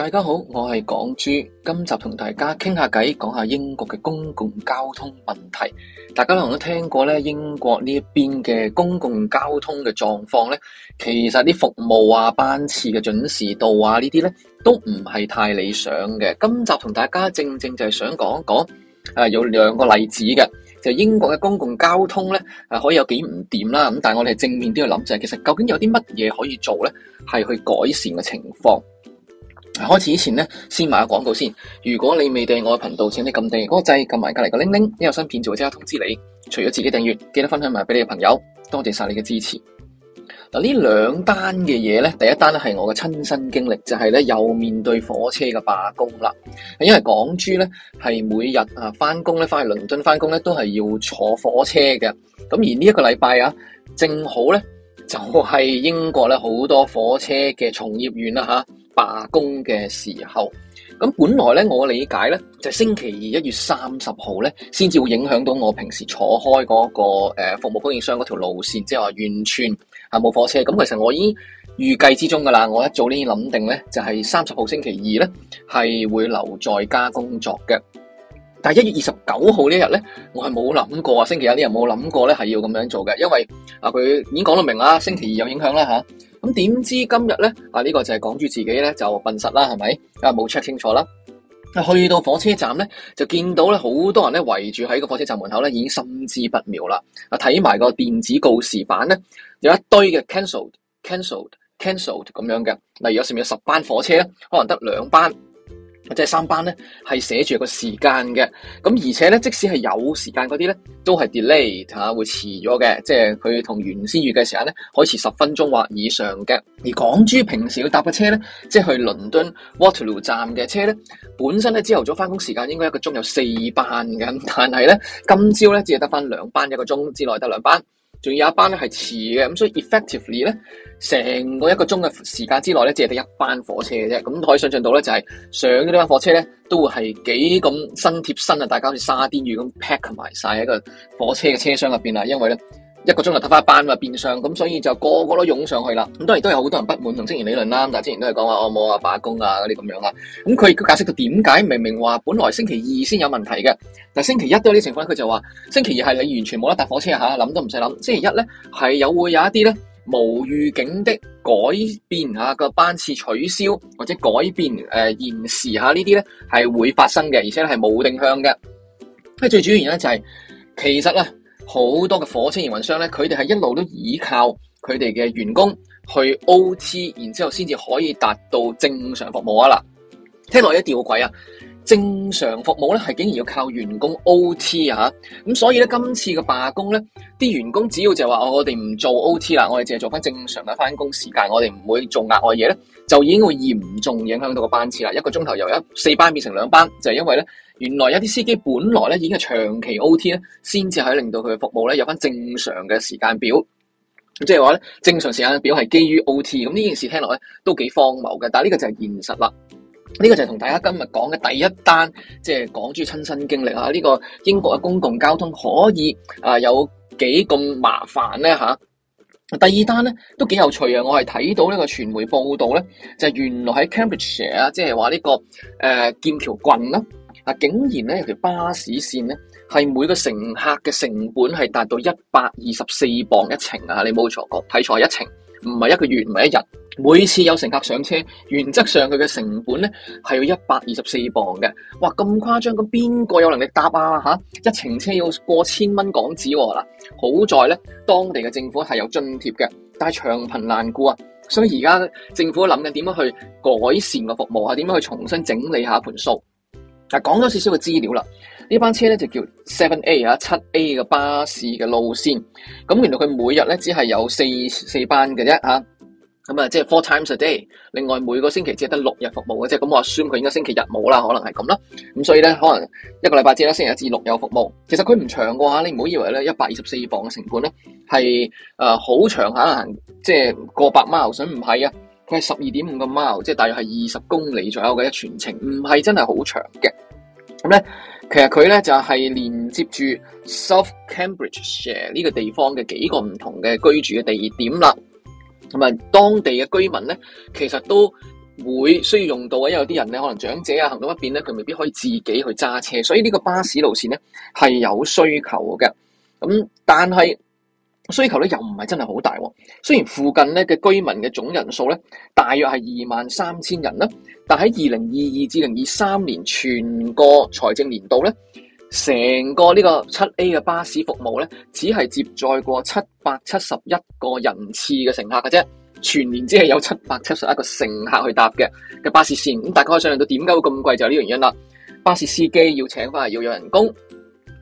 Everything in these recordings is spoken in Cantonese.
大家好，我係港豬，今集同大家傾下偈，講下英國嘅公共交通問題。大家可能都聽過咧，英國呢邊嘅公共交通嘅狀況咧，其實啲服務啊、班次嘅準時度啊呢啲咧，都唔係太理想嘅。今集同大家正正就係想講一講，誒、啊、有兩個例子嘅，就英國嘅公共交通咧，誒、啊、可以有幾唔掂啦。咁但係我哋正面都要諗，就係其實究竟有啲乜嘢可以做咧，係去改善嘅情況。開始之前咧，先賣下廣告先。如果你未訂我嘅頻道，請你撳訂嗰個掣，撳埋隔籬個鈴鈴，一有新片就會即刻通知你。除咗自己訂閱，記得分享埋俾你嘅朋友。多謝晒你嘅支持。嗱，呢兩單嘅嘢咧，第一單咧係我嘅親身經歷，就係咧又面對火車嘅罷工啦。因為港豬咧係每日啊翻工咧，翻去倫敦翻工咧都係要坐火車嘅。咁而呢一個禮拜啊，正好咧就係英國咧好多火車嘅從業員啦吓。罷工嘅時候，咁本來咧，我理解咧就係、星期二一月三十號咧，先至會影響到我平時坐開嗰、嗰個誒、呃、服務供應商嗰條路線，即係話完全冇火車。咁其實我已經預計之中噶啦，我一早呢諗定咧，就係三十號星期二咧係會留在家工作嘅。但係一月二十九號呢一日咧，我係冇諗過啊！星期一啲人冇諗過咧，係要咁樣做嘅，因為啊，佢已經講到明啦，星期二有影響啦吓，咁點知今日咧啊，啊呢啊、呢個就係港豬自己咧就笨實啦，係咪啊？冇 check 清楚啦、啊。去到火車站咧，就見到咧好多人咧圍住喺個火車站門口咧，已經心知不妙啦。啊，睇埋個電子告示板咧，有一堆嘅 cancelled，cancelled，cancelled 咁樣嘅、啊。例如有上面有十班火車呢，可能得兩班。即係三班咧，係寫住個時間嘅，咁而且咧，即使係有時間嗰啲咧，都係 delay 吓，會遲咗嘅，即係佢同原先預計時間咧，可以遲十分鐘或以上嘅。而港豬平時要搭嘅車咧，即係去倫敦 Waterloo 站嘅車咧，本身咧朝頭早返工時間應該一個鐘有四班嘅，咁但係咧今朝咧只係得返兩班，一個鐘之內得兩班。仲有一班咧係遲嘅，咁所以 effectively 咧，成個一個鐘嘅時、時間之內咧，只係得一班火車嘅啫。咁可以想象到咧，就係上嗰班火車咧，都會係幾咁新貼身啊，大家好似沙甸魚咁 pack 埋晒喺個火車嘅車廂入邊啊，因為咧。一個鐘就睇翻班啦，變相咁，所以就個個都湧上去啦。咁當然都有好多人不滿同職員理論啦，但之前都係講話我冇啊，罷工啊嗰啲咁樣啦。咁佢解釋到點解明明話本來星期二先有問題嘅，但星期一都有啲情況，佢就話星期二係你完全冇得搭火車嚇，諗都唔使諗。星期一咧，係有會有一啲咧無預警的改變嚇個班次取消或者改變誒延、呃、時下呢啲咧係會發生嘅，而且係冇定向嘅。最主要原因就係、是、其實咧。好多嘅火車營運商咧，佢哋係一路都依靠佢哋嘅員工去 O T，然之後先至可以達到正常服務啊！啦，聽落一吊詭啊！正常服務咧，係竟然要靠員工 O T 啊！嚇，咁所以咧，今次嘅罷工咧，啲員工只要就係話我哋唔做 O T 啦，我哋淨係做返正常嘅返工時間，我哋唔會做額外嘢咧，就已經會嚴重影響到個班次啦。一個鐘頭由一四班變成兩班，就係、是、因為咧。原來有啲司機本來咧已經係長期 OT 咧，先至可以令到佢嘅服務咧有翻正常嘅時間表。即係話咧，正常時間表係基於 OT。咁呢件事聽落咧都幾荒謬嘅，但係呢個就係現實啦。呢、這個就係同大家今日講嘅第一單，即係講住親身經歷啊！呢、這個英國嘅公共交通可以啊有幾咁麻煩咧嚇？第二單咧都幾有趣啊！我係睇到呢個傳媒報道咧，就是、原來喺 Cambridge 啊，即係話呢個誒劍橋郡啦。竟然咧，有條巴士線咧係每個乘客嘅成本係達到一百二十四磅一程啊！你冇錯，睇錯一程，唔係一個月，唔係一日，每次有乘客上車，原則上佢嘅成本咧係要一百二十四磅嘅。哇，咁誇張，咁邊個有能力搭啊？吓、啊、一程車要過千蚊港紙喎！嗱，好在咧，當地嘅政府係有津貼嘅，但係長貧難顧啊，所以而家政府諗緊點樣去改善個服務，係點樣去重新整理一下一盤數？嗱，講咗少少嘅資料啦。呢班車咧就叫 Seven A 啊，七 A 嘅巴士嘅路線。咁原來佢每日咧只係有四四班嘅啫啊。咁啊，即係 four times a day。另外每個星期只係得六日服務嘅啫。咁我 assume 佢應該星期日冇啦，可能係咁啦。咁所以咧，可能一個禮拜只係星期一至六有服務。其實佢唔長嘅話，你唔好以為咧一百二十四磅嘅成本咧係誒好長下行，即係過百萬毫升，唔係啊。不係十二點五個 mile，即係大約係二十公里左右嘅一全程，唔係真係好長嘅。咁、嗯、咧，其實佢咧就係、是、連接住 South Cambridgeshire 呢個地方嘅幾個唔同嘅居住嘅地點啦。咁、嗯、埋當地嘅居民咧，其實都會需要用到啊，因為有啲人咧可能長者啊行動不便咧，佢未必可以自己去揸車，所以呢個巴士路線咧係有需求嘅。咁、嗯、但係。需求咧又唔係真係好大，雖然附近咧嘅居民嘅總人數咧大約係二萬三千人啦，但喺二零二二至零二三年全個財政年度咧，成個呢個七 A 嘅巴士服務咧，只係接載過七百七十一個人次嘅乘客嘅啫，全年只係有七百七十一個乘客去搭嘅嘅巴士綫，咁大概上嚟到點解會咁貴就係呢個原因啦，巴士司機要請翻嚟要有人工。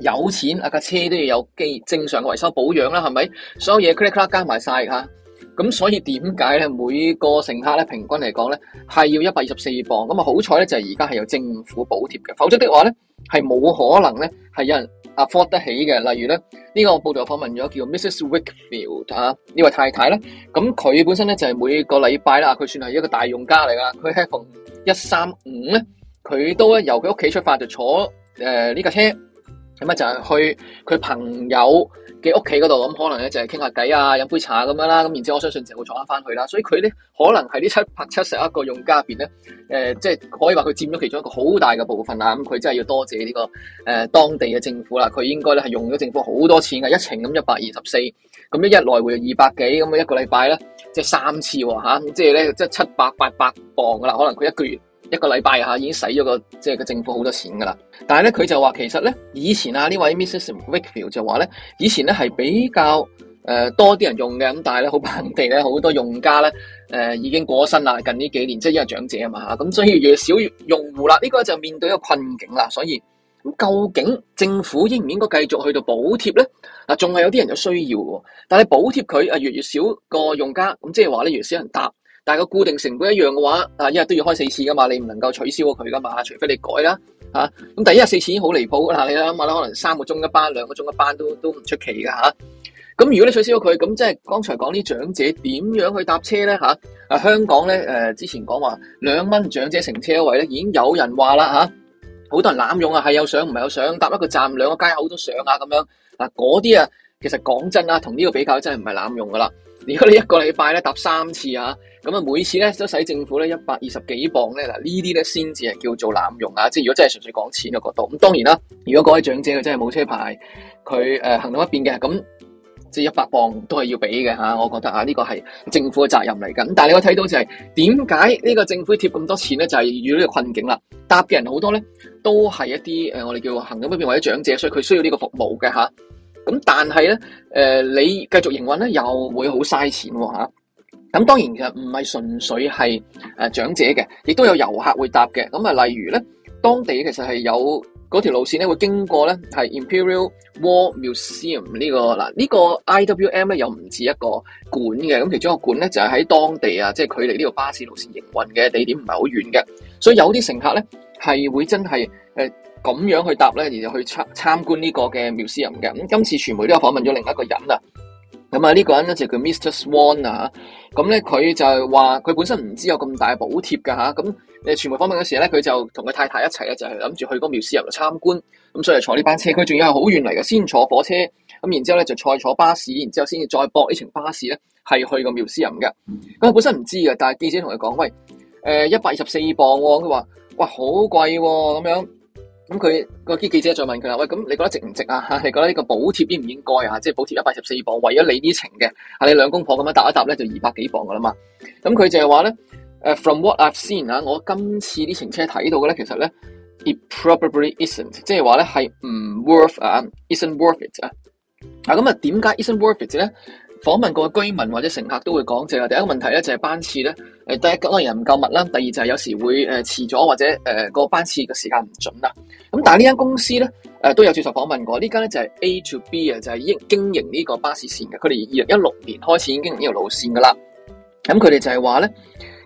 有錢啊，架車都要有機正常嘅維修保養啦，係咪？所有嘢 click c 加埋晒嚇，咁所以點解咧每個乘客咧平均嚟講咧係要一百二十四磅咁啊？好彩咧就係而家係有政府補貼嘅，否則的話咧係冇可能咧係有人啊 fold 得起嘅。例如咧呢、這個報道訪問咗叫 Mrs w i c k f i e l d 啊，呢位太太咧，咁佢本身咧就係、是、每個禮拜啦，佢算係一個大用家嚟噶，佢喺逢一三五咧佢都咧由佢屋企出發就坐誒呢架車。咁啊就係去佢朋友嘅屋企嗰度，咁可能咧就係傾下偈啊，飲杯茶咁樣啦。咁然之後我相信就會坐翻翻去啦。所以佢咧可能係呢七百七十一個用家入邊咧，誒即係可以話佢佔咗其中一個好大嘅部分啦。咁佢真係要多謝呢、呢個誒、呃、當地嘅政府啦。佢應該咧係用咗政府好多錢㗎，一程咁一百二十四，咁一日來回二百幾，咁啊一個禮拜咧即係三次喎、吓、即係咧即係七百八百磅㗎啦。可能佢一個月。一個禮拜嚇已經使咗個即係個政府好多錢㗎啦，但係咧佢就話其實咧以前啊呢位 Mrs Wickfield 就話咧以前咧係比較誒、呃、多啲人用嘅，咁但係咧好不幸地咧好多用家咧誒、呃、已經過身啦，近呢幾年即係因為長者啊嘛嚇，咁所以越少越用戶啦，呢、這個就面對一個困境啦。所以咁究竟政府應唔應該繼續去到補貼咧？嗱，仲係有啲人有需要喎，但係補貼佢啊越越少個用家，咁即係話咧越少人搭。但係個固定成本一樣嘅話，啊一日都要開四次嘅嘛，你唔能夠取消佢嘅嘛，除非你改啦嚇。咁、啊、第一日四次已經好離譜啦，你諗下啦，可能三個鐘一班，兩個鐘一班都都唔出奇嘅嚇。咁、啊、如果你取消咗佢，咁即係剛才講啲長者點樣去搭車咧嚇？啊、啊香港咧誒、呃、之前講話兩蚊長者乘車的位咧，已經有人話啦嚇，好、啊、多人濫用啊，係有上唔係有上，搭一個站兩個街口都上啊咁樣。嗱嗰啲啊，其實講真啦，同呢個比較真係唔係濫用嘅啦。如果你一個禮拜咧搭三次啊～咁啊，每次咧都使政府咧一百二十幾磅咧嗱，呢啲咧先至係叫做濫用啊！即係如果真係純粹講錢嘅角度，咁當然啦。如果嗰位長者佢真係冇車牌，佢誒行動不便嘅，咁即係一百磅都係要俾嘅嚇。我覺得啊，呢、就是、個係政府嘅責任嚟㗎。但你可以睇到就係點解呢個政府貼咁多錢咧，就係、是、遇到呢個困境啦。搭嘅人好多咧，都係一啲誒我哋叫行動不便或者長者，所以佢需要呢個服務嘅嚇。咁但係咧誒，你繼續營運咧又會好嘥錢喎。咁當然其實唔係純粹係誒長者嘅，亦都有遊客會搭嘅。咁啊，例如咧，當地其實係有嗰條路線咧，會經過咧，係 Imperial War Museum 呢個嗱，呢個 IWM 咧，又唔似一個館嘅。咁其中一個館咧，就係喺當地啊，即係距離呢個巴士路線營運嘅地點唔係好遠嘅。所以有啲乘客咧，係會真係誒咁樣去搭咧，而去參參觀呢個嘅 Museum 嘅。咁今次傳媒都有訪問咗另一個人啊。咁啊，呢個人咧就叫 Mr Swan 啊，咁咧佢就係話佢本身唔知有咁大補貼㗎嚇。咁誒傳媒訪問嗰時咧，佢就同佢太太一齊咧就係諗住去嗰個苗絲林度參觀。咁所以坐呢班車，佢仲要係好遠嚟嘅，先坐火車咁，然之後咧就再坐，坐巴士，然之後先至再駁呢程巴士咧係去個廟絲人嘅。咁佢本身唔知嘅，但係記者同佢講：喂，誒一百二十四磅啊，佢話喂好貴咁樣。咁、佢嗰啲記者再問佢啦，喂，咁你覺得值唔值啊？嚇，你覺得呢個補貼應唔應該啊？即、係補貼一百二十四磅，為咗你呢程嘅，你兩公婆咁樣搭一搭咧，就二百幾磅噶啦嘛。咁佢就係話咧，from what I've seen 啊，我今次呢程車睇到嘅咧，其實咧，it probably isn't，即係話咧係唔 worth 啊，isn't worth it 啊。咁啊，點解 isn't worth it 咧？訪問過居民或者乘客都會講，就係第一個問題咧，就係班次咧。誒，第一當然人唔夠密啦。第二就係有時會誒遲咗或者誒個、呃、班次嘅時間唔準啦。咁但係呢間公司咧誒、呃、都有接受訪問過，呢間咧就係 A to B 啊，就係經經營呢個巴士線嘅。佢哋二零一六年開始已經經營呢條路線噶啦。咁佢哋就係話咧，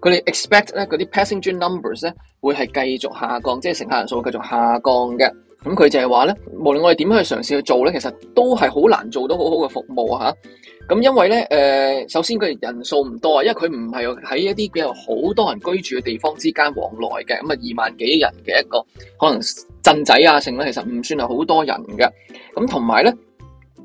佢哋 expect 咧嗰啲 passenger numbers 咧會係繼續下降，即係乘客人數會繼續下降嘅。咁、嗯、佢就係話咧，無論我哋點樣去嘗試去做咧，其實都係好難做到好好嘅服務嚇。咁因為咧，誒，首先佢人數唔多啊，因為佢唔係喺一啲比較好多人居住嘅地方之間往來嘅，咁啊二萬幾人嘅一個可能鎮仔啊，剩咧其實唔算係好多人嘅，咁同埋咧。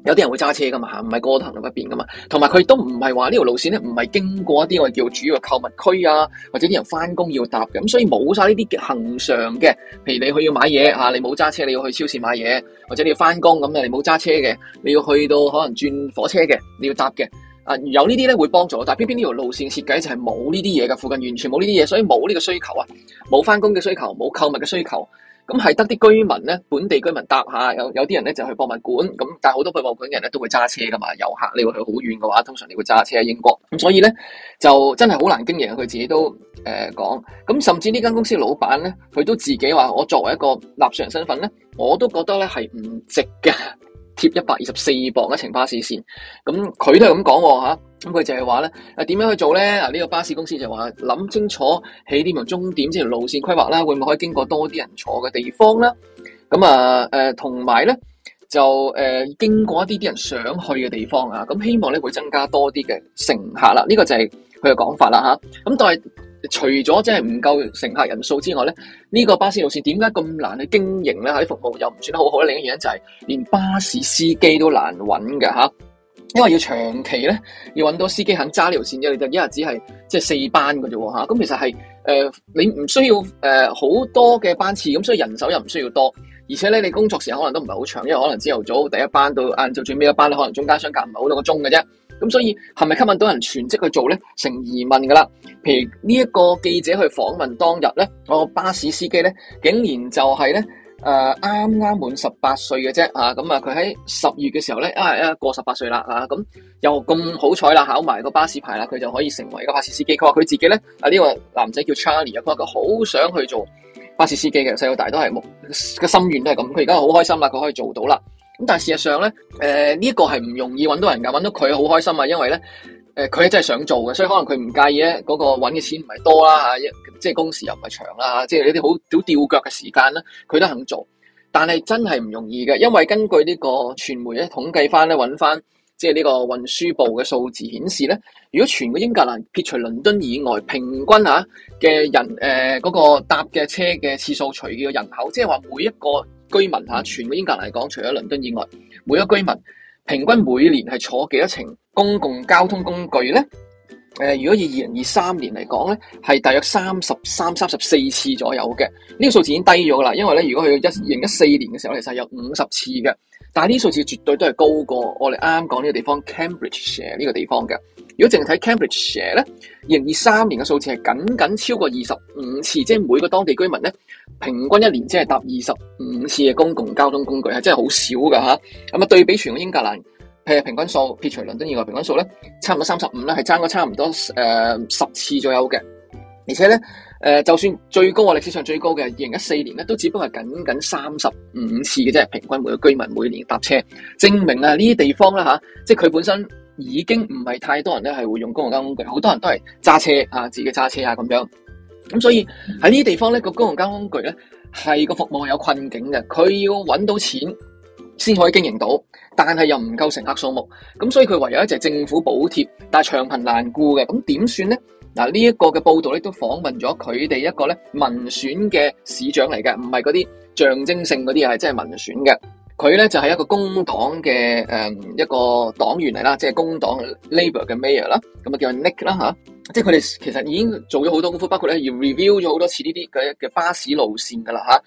有啲人會揸車噶嘛嚇，唔係個個入邊噶嘛，同埋佢都唔係話呢條路線咧，唔係經過一啲我哋叫主要嘅購物區啊，或者啲人翻工要搭嘅，咁所以冇晒呢啲嘅恆常嘅，譬如你去要買嘢嚇，你冇揸車你要去超市買嘢，或者你要翻工咁嘅，你冇揸車嘅，你要去到可能轉火車嘅，你要搭嘅，啊有呢啲咧會幫助，但偏偏呢條路線設計就係冇呢啲嘢嘅，附近完全冇呢啲嘢，所以冇呢個需求啊，冇翻工嘅需求，冇購物嘅需求。咁係得啲居民咧，本地居民搭下，有有啲人咧就去博物館。咁但係好多去博物館嘅人咧都會揸車噶嘛，遊客你會去好遠嘅話，通常你會揸車喺英國，咁所以咧就真係好難經營，佢自己都誒講。咁甚至呢間公司老闆咧，佢都自己話：我作為一個納稅人身份咧，我都覺得咧係唔值嘅。貼一百二十四磅一程巴士線，咁佢都係咁講喎嚇，咁佢就係話咧，啊點樣去做咧？啊呢個巴士公司就話諗清楚起點同終點之前路線規劃啦，會唔會可以經過多啲人坐嘅地方啦？咁啊誒，同埋咧就誒、啊、經過一啲啲人想去嘅地方啊，咁希望咧會增加多啲嘅乘客啦。呢個就係佢嘅講法啦吓，咁但係。除咗即係唔夠乘客人數之外咧，呢、這個巴士路線點解咁難去經營咧？喺服務又唔算得好好。另一原因就係連巴士司機都難揾嘅，嚇，因為要長期咧要揾到司機肯揸呢條線啫，就一日只係即係四班嘅啫喎。咁其實係誒、呃、你唔需要誒好、呃、多嘅班次，咁所以人手又唔需要多，而且咧你工作時間可能都唔係好長，因為可能朝頭早第一班到晏晝最尾一班，可能中間相隔唔係好多個鐘嘅啫。咁所以係咪吸引到人全職去做咧？成疑問噶啦。譬如呢一、這個記者去訪問當日咧，個巴士司機咧，竟然就係、是、咧，誒啱啱滿十八歲嘅啫嚇。咁啊，佢喺十月嘅時候咧，啊啊過十八歲啦嚇。咁、啊啊、又咁好彩啦，考埋個巴士牌啦，佢就可以成為個巴士司機。佢話佢自己咧，啊、這、呢個男仔叫 Charlie 啊，佢話佢好想去做巴士司機嘅，細到大都係目個心願都係咁。佢而家好開心啦，佢可以做到啦。咁但係事實上咧，誒呢個係唔容易揾到人㗎，揾到佢好開心啊，因為咧，誒、呃、佢真係想做嘅，所以可能佢唔介意咧嗰、嗰個揾嘅錢唔係多啦、啊，即係工時又唔係長啦、啊，即係呢啲好好吊腳嘅時間咧，佢都肯做。但係真係唔容易嘅，因為根據呢個傳媒咧統計返咧揾返，即係呢個運輸部嘅數字顯示咧，如果全個英格蘭撇除倫敦以外，平均吓、啊、嘅人誒嗰、呃嗰個搭嘅車嘅次數除佢嘅人口，即係話每一個居民嚇，全個英格蘭嚟講，除咗倫敦以外，每一個居民平均每年係坐幾多程公共交通工具咧？誒、呃，如果以二零二三年嚟講咧，係大約三十三、三十四次左右嘅。呢、呢個數字已經低咗噶啦，因為咧，如果去到二零一四年嘅時候嚟睇，其實係有五十次嘅。但係呢個數字絕對都係高過我哋啱啱講呢個地方 Cambridgeshire 呢個地方嘅。如果淨係睇 Cambridgeshire 咧，二零二三年嘅數字係僅僅超過二十五次，即係每個當地居民咧。平均一年只係搭二十五次嘅公共交通工具，係真係好少噶吓。咁啊，對比全個英格蘭，譬如平均數，撇除倫敦以外，平均數咧差唔多三十五咧，係爭咗差唔多誒十次左右嘅。而且咧，誒、呃，就算最高啊，歷史上最高嘅二零一四年咧，都只不過係僅僅三十五次嘅啫。平均每個居民每年搭車，證明啊，呢啲地方啦吓，啊，即係佢本身已經唔係太多人咧，係會用公共交通工具，好多人都係揸車啊，自己揸車啊咁樣。咁所以喺呢啲地方咧，個公共交通工具咧係個服務有困境嘅，佢要揾到錢先可以經營到，但係又唔夠乘客數目，咁所以佢唯有一直係政府補貼，但係長貧難顧嘅，咁點算咧？嗱、這個，呢一個嘅報導咧都訪問咗佢哋一個咧民選嘅市長嚟嘅，唔係嗰啲象徵性嗰啲，係即係民選嘅。佢咧就係、是、一個工黨嘅誒一個黨員嚟啦，即係工黨 Labour 嘅 Mayor 啦、啊，咁啊叫 Nick 啦嚇。即係佢哋其實已經做咗好多功夫，包括咧要 review 咗好多次呢啲嘅嘅巴士路線㗎啦吓，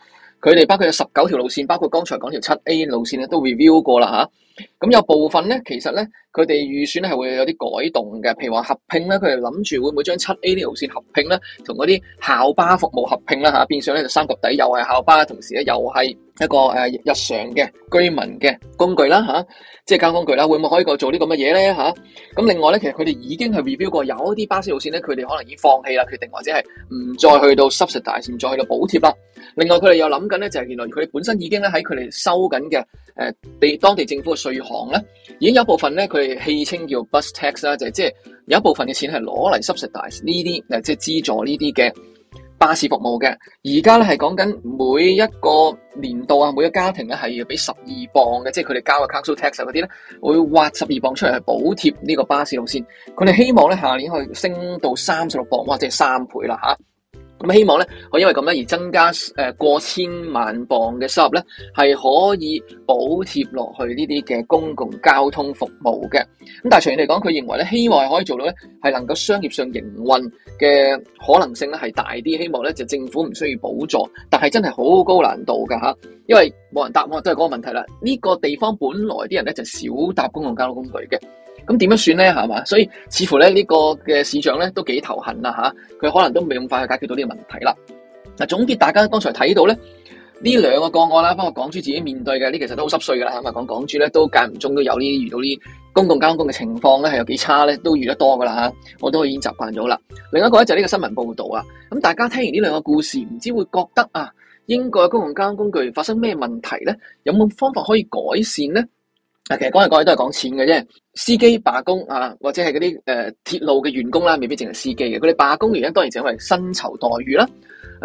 佢哋包括有十九條路線，包括剛才講條七 A 路線咧都 review 過啦吓。咁有部分咧，其實咧，佢哋預算咧係會有啲改動嘅，譬如話合拼咧，佢哋諗住會唔會將七 A 啲路綫合拼咧，同嗰啲校巴服務合拼啦吓、啊，變相咧就三及底又係校巴，同時咧又係一個誒、呃、日常嘅居民嘅工具啦吓、啊，即係交通工具啦，會唔會可以過做啲咁嘅嘢咧吓？咁、啊、另外咧，其實佢哋已經係 review 過，有一啲巴士路線咧，佢哋可能已經放棄啦，決定或者係唔再去到 subsidize 線，再去到補貼啦。另外佢哋又諗緊咧，就係、是、原來佢哋本身已經咧喺佢哋收緊嘅誒地當地政府嘅稅。對行咧，已經有部分咧，佢哋戲稱叫 bus tax 啦，就係即係有一部分嘅錢係攞嚟 subsidize 呢啲，誒即係資助呢啲嘅巴士服務嘅。而家咧係講緊每一個年度啊，每一個家庭咧係要俾十二磅嘅，即係佢哋交嘅 council tax 嗰啲咧，會挖十二磅出嚟去補貼呢個巴士路線。佢哋希望咧下年可以升到三十六磅，或者係三倍啦嚇。咁希望咧，我因為咁樣而增加誒過千萬磅嘅收入咧，係可以補貼落去呢啲嘅公共交通服務嘅。咁但係長遠嚟講，佢認為咧，希望係可以做到咧，係能夠商業上營運嘅可能性咧係大啲。希望咧就政府唔需要補助，但係真係好高難度㗎嚇，因為冇人答我都係嗰個問題啦。呢個地方本來啲人咧就少搭公共交通工具嘅。咁點樣算咧？係嘛，所以似乎咧呢個嘅市長咧都幾頭痕啦，吓，佢，啊、可能都未咁快去解決到呢個問題啦。嗱，總結大家剛才睇到咧呢兩個個案啦，包括港珠自己面對嘅呢，其實都好濕碎噶啦。係咪講港珠咧都間唔中都有呢遇到，呢公共交通工嘅情況咧，係有幾差咧，都遇得多噶啦吓，我都已經習慣咗啦。另一個就係呢個新聞報道啊。咁大家聽完呢兩個故事，唔知會覺得啊，英國嘅公共交通工具發生咩問題咧？有冇方法可以改善咧？其實講嚟講去都係講錢嘅啫，司機罷工啊，或者係嗰啲誒鐵路嘅員工啦，未必淨係司機嘅，佢哋罷工原因當然就係因為薪酬待遇啦。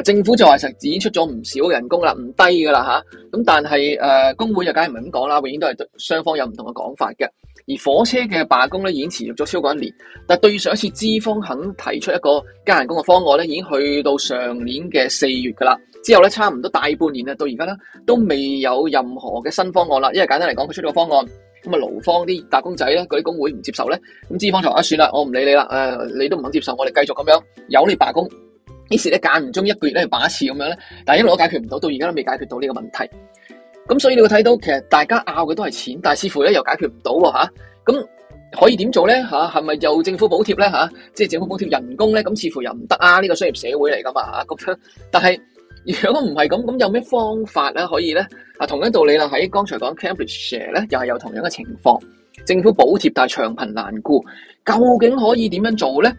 政府就話實展出咗唔少人工啦，唔低噶啦吓。咁但係誒、呃、工會又梗係唔係咁講啦，永遠都係雙方有唔同嘅講法嘅。而火車嘅罷工咧，已經持續咗超過一年。但對上一次資方肯提出一個加人工嘅方案咧，已經去到上年嘅四月噶啦。之後咧，差唔多大半年啊，到而家啦，都未有任何嘅新方案啦。因為簡單嚟講，佢出咗個方案，咁啊勞方啲打工仔咧，佢啲工會唔接受咧，咁資方就話啊，算啦，我唔理你啦，誒、呃、你都唔肯接受，我哋繼續咁樣有你罷工。呢時咧，間唔中一個月咧，擺一次咁樣咧，但係因為我解決唔到，到而家都未解決到呢個問題。咁所以你會睇到，其實大家拗嘅都係錢，但係似乎咧又解決唔到喎嚇。咁、啊、可以點做咧吓，係、啊、咪又政府補貼咧吓、啊，即係政府補貼人工咧？咁似乎又唔得啊！呢、呢個商業社會嚟噶嘛嚇，覺、啊、但係如果唔係咁，咁有咩方法咧可以咧？啊，同樣道理啦，喺剛才講 Cambridgeshire 咧，又係有同樣嘅情況，政府補貼，但係長貧難顧，究竟可以點樣做咧？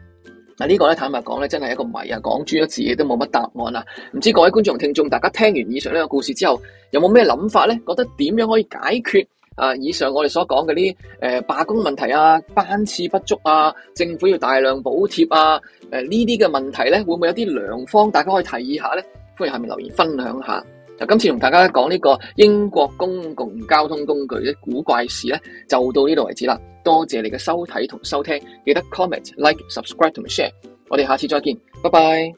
嗱、這個、呢個咧坦白講咧，真係一個謎啊！講專一字都冇乜答案啊！唔知各位觀眾、聽眾，大家聽完以上呢個故事之後，有冇咩諗法咧？覺得點樣可以解決啊？以上我哋所講嘅啲誒罷工問題啊、班次不足啊、政府要大量補貼啊、誒呢啲嘅問題咧，會唔會有啲良方？大家可以提議下咧，歡迎下面留言分享下。就，今次同大家講呢個英國公共交通工具嘅古怪事呢，就到呢度為止啦。多謝你嘅收睇同收聽，記得 comment、like、subscribe 同 share。我哋下次再見，拜拜。